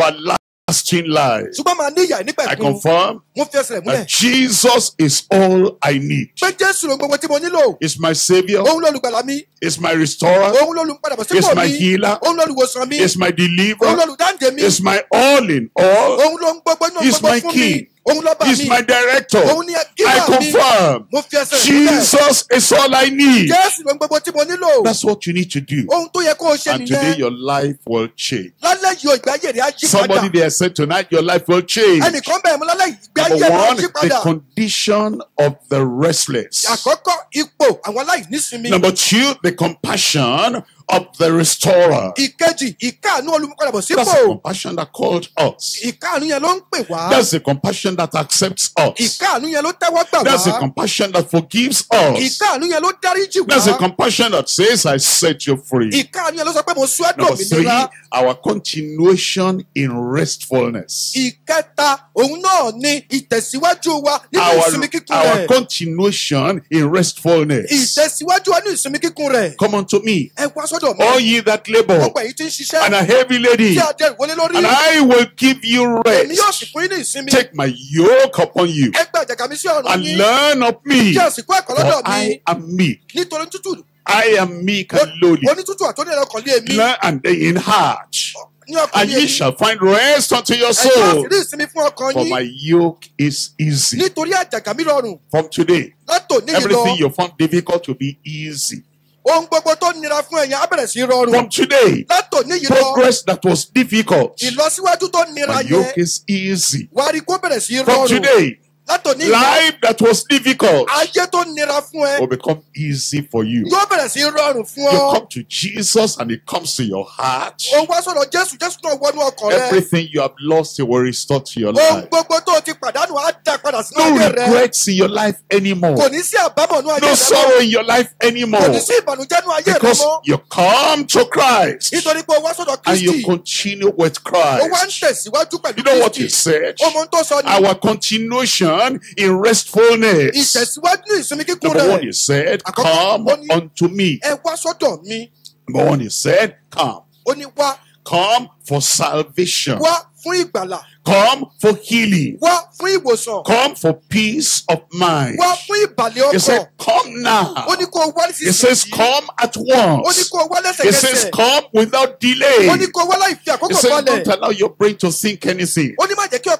everlasting life. I confirm that Jesus is all I need. Is my Savior. Is my restorer. Is my healer. Is my deliverer. Is my all in all. Is my king. He's my director. I confirm. Jesus is all I need. That's what you need to do. And today your life will change. Somebody there said tonight your life will change. Number one, the condition of the restless. Number two, the compassion up the restorer. That's the compassion that called us. That's the compassion that accepts us. That's the compassion that forgives us. That's the compassion that says I set you free. sọ pé Number three, our continuation in restfulness. Ìkẹta, Our continuation in restfulness. Ìtẹ̀síwájú wa nínú Come unto me all ye that labour and are heavy laden and I will give you rest. take my yoke upon you and learn of me for I am meek. I am meek and lowly. Learn and in heart. And ye shall find rest unto your soul. For my yoke is easy. From today, everything you found difficult will be easy. ohun gbogbo tó nira fún ẹ̀yin á sí rọrùn. from today látòní yìí lọ progress that was difficult. ìlọsíwájú tó nira yẹn. my yoke is easy. wàá kó bẹ̀rẹ̀ sí rọrùn. from today Life that was difficult will become easy for you. You come to Jesus and it comes to your heart. Everything you have lost, it will restore to your life. No regrets in your life anymore. No sorrow in your life anymore. Because you come to Christ and you continue with Christ. You know what He said? Our continuation man in restfulness. Ìtẹ̀síwájú Number one he said, come unto me. Ẹ Number one he said, come. Come for salvation fún ìgbàlà. Come for healing. Wá fún ìwòsàn. Come for peace of mind. Wá fún ìbàlẹ̀ ọkàn. He said, come now. Ó ní kó wá nísinsìnyí. He says, come at once. Ó ní kó He says, come without delay. Ó ní kó wá láì àkókò He says, don't allow your brain to think anything. Ó ní má jẹ́ kí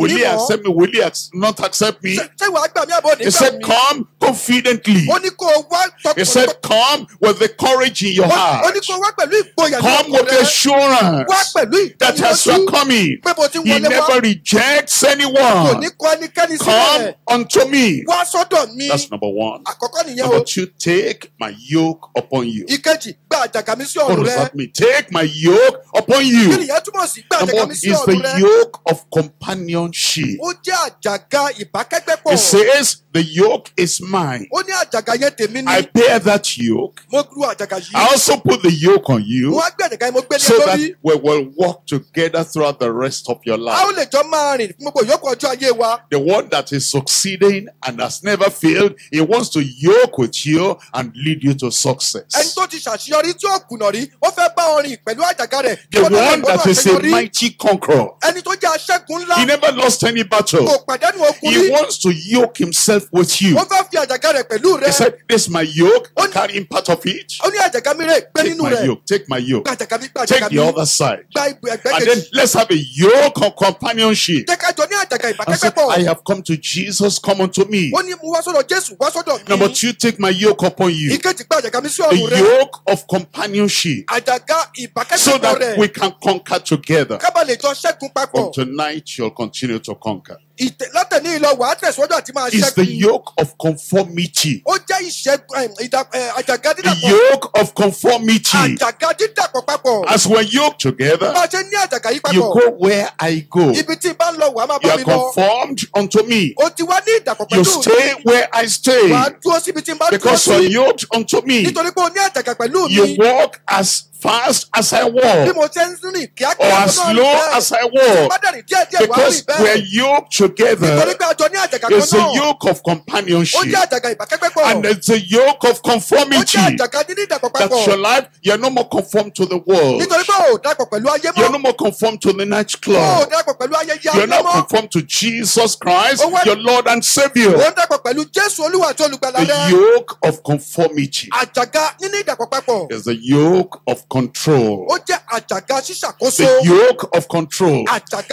Will he accept me? Will he not accept me? Ṣé ìwà àgbà mi àbọ̀ nígbà mi? He said, come confidently. He said, Come with the courage in your heart. Come with the assurance that as you are coming, He never rejects anyone. Come unto me. That's number one. Number two, take my yoke upon you. What does that mean? Take my yoke upon you. Number one is the yoke of companionship. It says, The yoke is mine. mine. I bear that yoke. I also put the yoke on you. so that we will walk together throughout the rest of your life. The one that is succeeding and has never failed, he wants to yoke with you and lead you to success. The one that is a mighty conqueror, he never lost any battle. He wants to yoke himself with you. He said, This is my yoke, carrying part of it. Take my yoke, take my yoke. Take the other side. And then let's have a yoke of companionship. And I have come to Jesus, come unto me. Number two, take my yoke upon you. The yoke of companionship. So that we can conquer together. From tonight, you'll continue to conquer. látẹ̀lé ìlọ wàá tẹ̀síwájú àti máa ṣẹ́gun. is the yoke of conformity. ó jẹ́ ìṣẹ́gun eh, àjàgà dídàpọ̀. the yoke of conformity. àjàgà dídàpọ̀ papọ̀. as we yoke together. bá a ṣe ní àjàgà yìí papọ̀. you go where I go. ibi tí bá ń lọ wàá máa bá mi lọ. you are conformed unto me. o ti wá ní ìdàpọ̀ pẹ̀lú. you stay where I stay. wàá dúró síbi tí n bá dúró sí. because you are yoked unto me. nítorí pé o ní àjàgà pẹ̀lú mi. you walk as fast as I walk, or as slow as I walk, because we're yoked together. It's a yoke of companionship, and it's a yoke of conformity. That your life, you're no more conformed to the world. You're no more conformed to the nightclub. You're now conformed to Jesus Christ, your Lord and Savior. The yoke of conformity is the yoke of control. The yoke of control.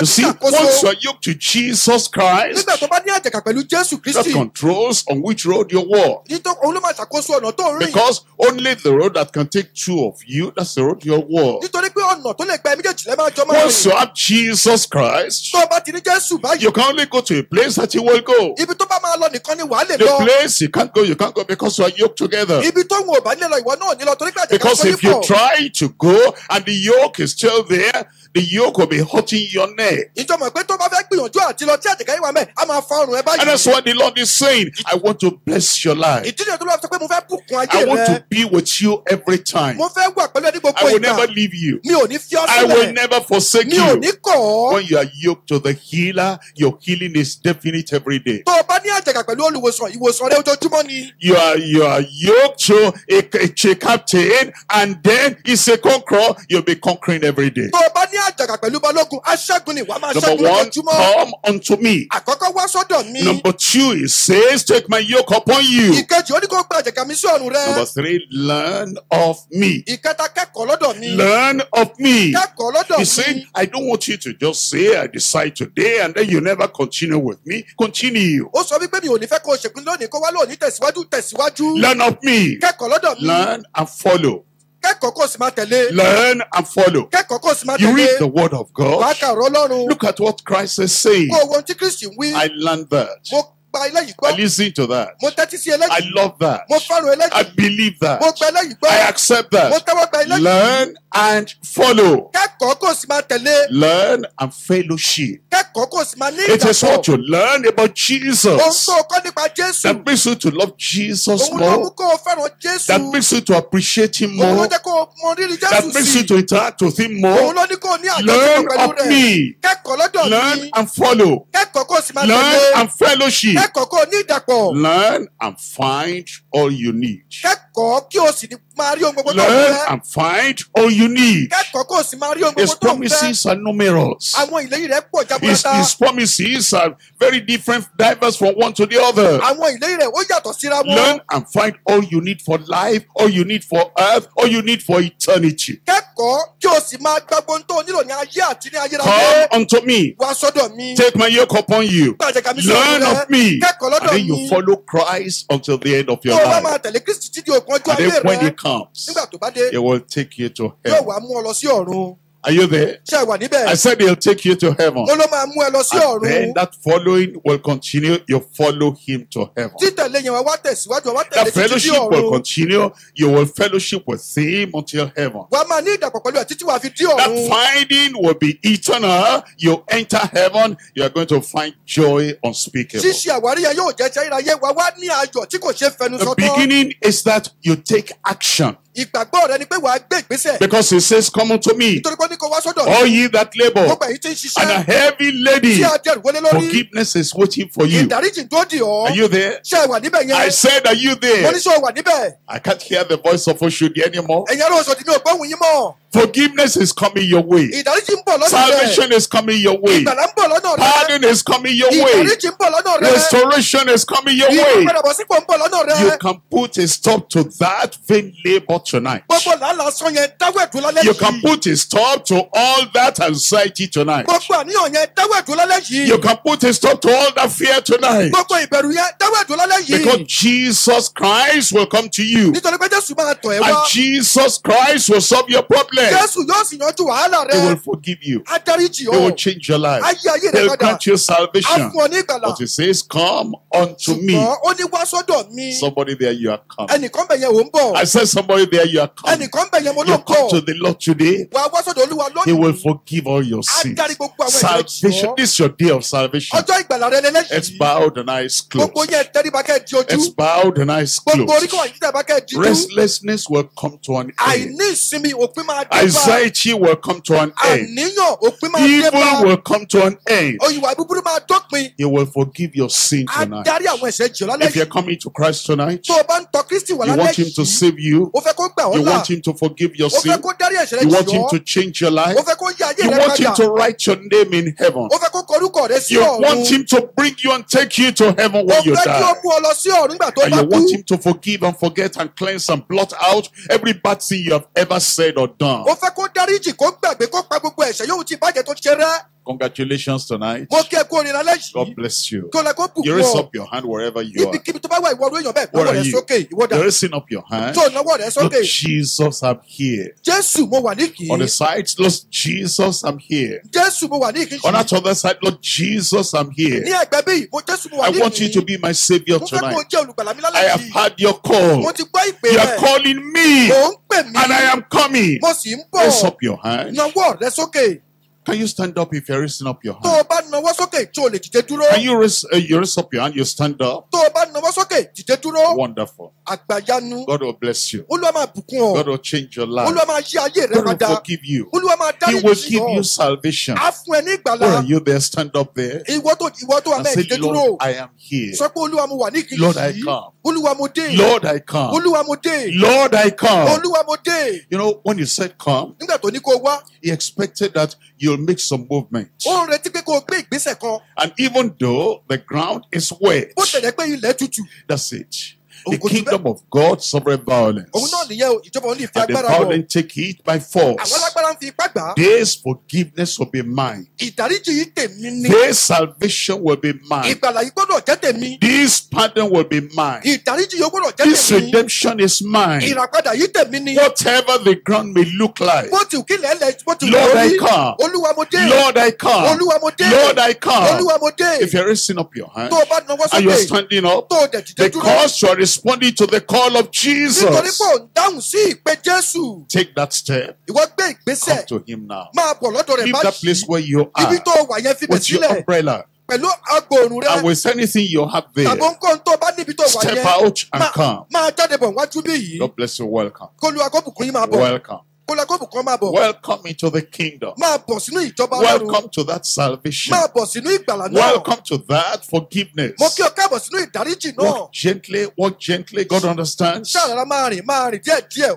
You see, once you are yoked to Jesus Christ, that controls on which road you walk. Because only the road that can take two of you, that's the road you walk. Once you have Jesus Christ, you can only go to a place that you will go. The place you can't go, you can't go because you are yoked together. Because if you try to go and the yoke is still there the yoke will be hurting your neck. And that's what the Lord is saying. I want to bless your life. I want to be with you every time. I will never leave you. I will never forsake you. When you are yoked to the healer, your healing is definite every day. You are you are yoked to a, a, captain, and then it's a conqueror. You'll be conquering every day àjàgà pẹ̀lú balógun aṣẹ́gun ni wàá máa ṣẹ́gun lójoojúmọ́. number one come unto me. àkọ́kọ́ wá sọ́dọ̀ mi. number two he says take my yoke upon you. ìkejì gba àjàgà mi sí ọ̀run rẹ. number three learn of me. ìkẹta kẹ́kọ̀ọ́ lọ́dọ̀ mi. learn of me. kẹ́kọ̀ọ́ lọ́dọ̀ mi. he said I don't want you to just say I decide today and then you never continue with me continue. ó sọ wípé mi ò ní fẹ́ kó o ṣèpinnu lónìí kó wá lónìí tẹ̀síwájú tẹ̀síwájú. learn of me. kẹ́kọ̀ọ́ lọ́dọ̀ mi. learn and follow. Learn and follow. You read the word of God. Look at what Christ is saying. I learned that. I listen to that. I love that. I believe that. I accept that. Learn and follow. Learn and fellowship. It is what you learn about Jesus that makes you to love Jesus more. That makes you to appreciate Him more. That makes you to interact with Him more. Learn of me. Learn and follow. Learn and fellowship. Learn and find all you need. learn and find all you need. his promises are numerous. his his promises are very different diverse from one to the other. learn and find all you need for life all you need for earth all you need for eternity. come unto me. take my yoke upon you. learn of me. and then you follow Christ until the end of your life. Then when it comes it will take you to hell. yóò wá mú ọ lọ sí ọ̀run. Are you there? I said he'll take you to heaven. And then that following will continue. You follow him to heaven. That fellowship will continue. You will fellowship with him until heaven. That finding will be eternal. You enter heaven. You are going to find joy unspeakable. The beginning is that you take action. Because he says, Come unto me. All ye that labour. And a heavy lady. a Forgiveness is waiting for you. Are you there? I said, Are you there? I can't hear the voice of Oshodi anymore. Forgiveness is coming your way. Salvation is coming your way. Pardon is coming your way. Restoration is coming your way. You can put a stop to that vain labor stop tonight. You can put a stop to all that anxiety tonight. You can put a stop to all that fear tonight. Because Jesus Christ will come to you. And Jesus Christ will solve your problem. He will forgive you. He will change your life. He will grant you salvation. But he says, Come unto me. Somebody there, you are coming. I said, Somebody wherever you are coming, you come to the Lord today, He will forgive all your sins. Salvation, this is your day of salvation. It's bowed and eyes closed. It's bowed and eyes closed. Restlessness will come to an end. Anxiety will come to an end. Evil will come to an end. He will forgive your sin tonight. If you're coming to Christ tonight, you want Him to save you. You want Him to forgive your sin. You want Him to change your life. You want Him to write your name in heaven. You want Him to bring you and take you to heaven when you die. And you want Him to forgive and forget and cleanse and blot out every bad thing you have ever said or done. Congratulations tonight. God bless you. You raise up your hand wherever you are. What are you? You raising up your hand. Lord Jesus, I'm here. On the side, Lord Jesus, I'm here. On that other side, Lord Jesus, I'm here. I want you to be my Savior tonight. I have had your call. You are calling me. And I am coming. Raise up your hand. Can you stand up if you're raising up your hand? Can you raise, uh, you raise up your hand, you stand up? Wonderful. God will bless you. God will change your life. God will forgive you. He will give you salvation. A Where are you there? Stand up there. And say Lord I am here. Sọ pé Olúwa Lord I come. Lord I come. Lord I come. You know when you said come. He expected that you you'll make some movement. And even though the ground is wet, that's it. The kingdom of God suffers violence. And the violent take it by force. This forgiveness will be mine. This salvation will be mine. This pardon will be mine. This redemption is mine. Whatever the ground may look like. Lord, I come. Lord, I come. Lord, I come. If you're raising up your hand and you're standing up because you are responding to the call of Jesus, take that step. come to him now. Leave that place where you are with your umbrella. and with anything you have there. step out and come. God bless you welcome. welcome. Welcome into the kingdom. Welcome to that salvation. Welcome to that forgiveness. Walk gently, walk gently. God understands. God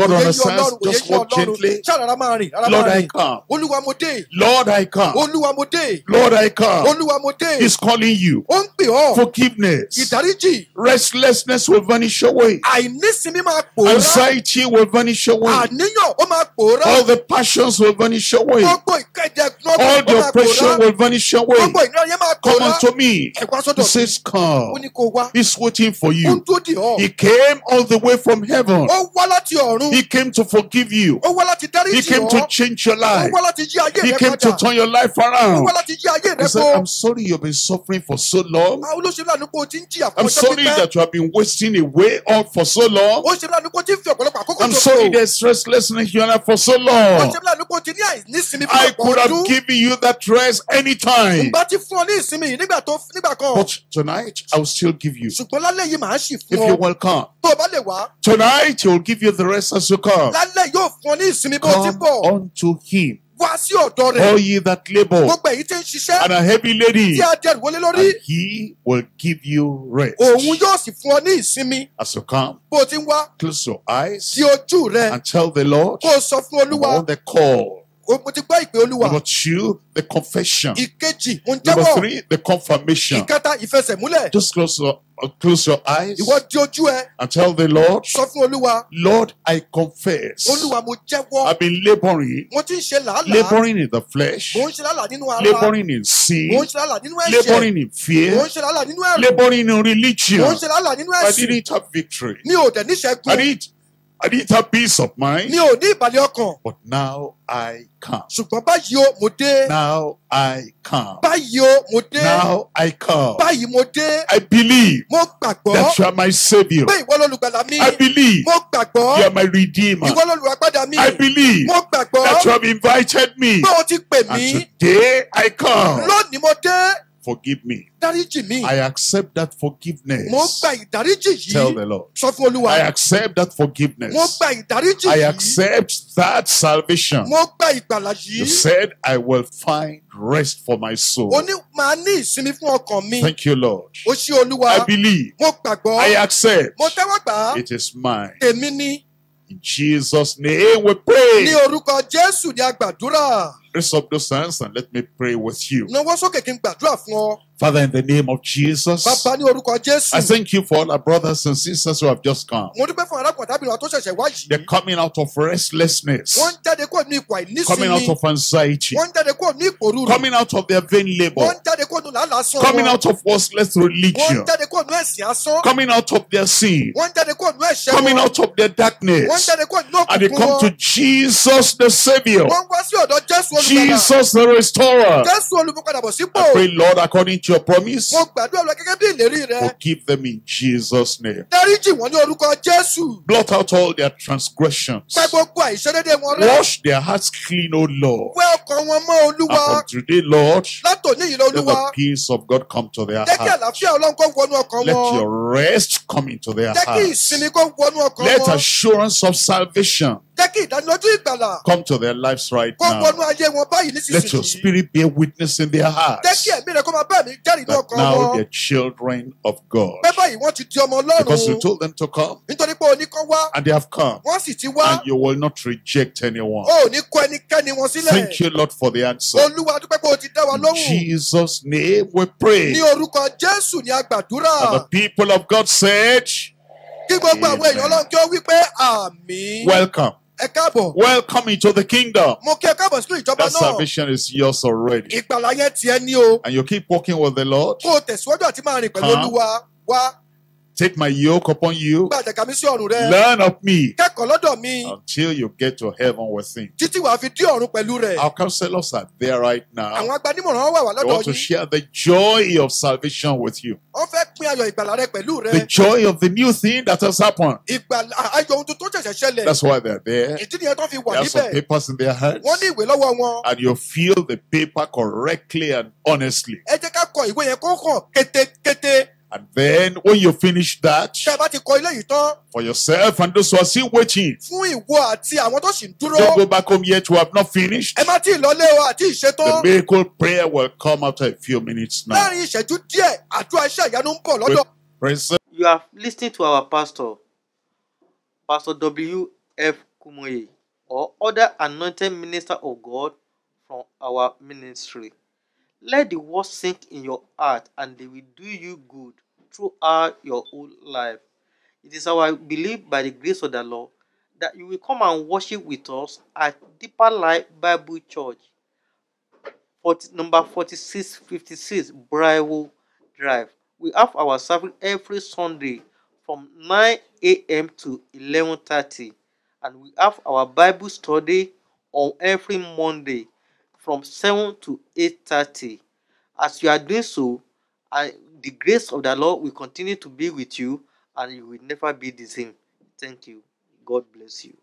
understands. Just walk gently. Lord, I come. Lord, I come. Lord, I come. He's calling you. Forgiveness. Restlessness will vanish away. Anxiety will vanish away. All the passions will vanish away. All the oppression will vanish away. Come unto me. He says, Come. He's waiting for you. He came all the way from heaven. He came to forgive you. He came to change your life. He came to turn your life around. He said, I'm sorry you've been suffering for so long. I'm sorry that you have been wasting away all for so long. I'm sorry there's restlessness in for so long. I could have given you that dress anytime. But tonight, I will still give you. If you will come. Tonight, he will give you the rest as you come. Come unto him wá all ye that labour. and a heavy lady. and he will give you rest. as you come. close your eyes. and tell the Lord. kó on the call. mo ti gbọ́ ìpè olúwa. number two the confession. ìkejì mo ń jẹ́wọ́. number three the confirmation. ìkẹta ìfẹsẹ̀múlẹ̀. just close your uh, close your eyes. ìwọ di ojú ẹ. and tell the lord. sọ fún olúwa. lord i confess. olúwa mo jẹ́wọ́. i've been laboring mo ti ń ṣe làálàá. labouring in the flesh. mo ń ṣe làálàá nínú ara. labouring in sin. mo ń ṣe làálàá nínú ẹ̀ṣẹ̀. labouring in fear. mo ń ṣe làálàá nínú ẹ̀rù. labouring in religion. mo ń ṣe làálàá nínú ẹ̀sìn. i didn't have victory. mi ò dẹ̀ níṣẹ́gun. i need. I didn't have peace of mind. Mi ò ní ìbàlẹ̀ ọkàn. But now I come. Ṣùgbọ́n báyìí o, mo dé. Now I come. Báyìí o, mo dé. Now I come. Báyìí mo dé. I believe. Mo gbàgbọ́. That you are my saviour. Pé ìwọ lolùgbàlà mi. I believe. Mo gbàgbọ́. You are my redeemer. Ìwọ lolùràpadà mi. I believe. Mo gbàgbọ́. That you have invited me. Pé o ti pè mí. And today I come. Lónìí mo dé. forgive me. mi. I accept that forgiveness. Mo gba ìdáríjì yìí. Tell the Lord. Sọ fún Olúwa. I accept that forgiveness. Mo gba ìdáríjì yìí. I accept that salvation. Mo gba ìgbàlà yìí. You said I will find rest for my soul. O màá ní ìsinmi fún ọkàn mi. Thank you Lord. O ṣé Olúwa. I believe. Mo gbàgbọ́. I accept. Mo tẹ́wọ́ gbà. It is mine. Èmi ni. In Jesus' name we pray. Ní orúkọ Jésù ni a gbàdúrà. raise up those hands and let me pray with you. Father, in the name of Jesus, I thank you for all our brothers and sisters who have just come. They're coming out of restlessness, coming out of anxiety, coming out of their vain labor, coming out of worthless religion, coming out of their sin, coming out of their darkness, and they come to Jesus the Savior, Jesus the Restorer. I pray, Lord, according to your promise. Mo gbàdúrà Forgive them in Jesus' name. Blot out all their transgressions. Wash their hearts clean, O Lord. And from today, Lord. Let the peace of God come to their hearts. Let your rest come into their hearts. Let assurance of salvation. Come to their lives right now. Let your spirit bear witness in their hearts. That now they're children of God. Because you told them to come. And they have come. And you will not reject anyone. Thank you, Lord, for the answer. In Jesus' name we pray. And the people of God said, Welcome Welcome into the kingdom. That salvation is yours already. And you keep walking with the Lord. Come. Take my yoke upon you. Learn of me. Until you get to heaven with sin. Our counselors are there right now. I want to share the joy of salvation with you. The joy of the new thing that has happened. That's why they're there. They have some papers in their hands. And you fill the paper correctly and honestly. And then when you finish that. For yourself and those who are still waiting. Don't go back home yet, you have not finished. The miracle prayer will come after a few minutes now. You have listened to our pastor, Pastor W F Kumoye, or other anointed minister of God from our ministry. Let the word sink in your heart and they will do you good throughout your whole life. It is our belief by the grace of the Lord that you will come and worship with us at Deeper Life Bible Church, 40, number 4656 Briarwood Drive. We have our service every Sunday from 9 a.m. to 11.30 and we have our Bible study on every Monday from 7 to 8.30. As you are doing so, I, the grace of the Lord will continue to be with you and you will never be the same. Thank you. God bless you.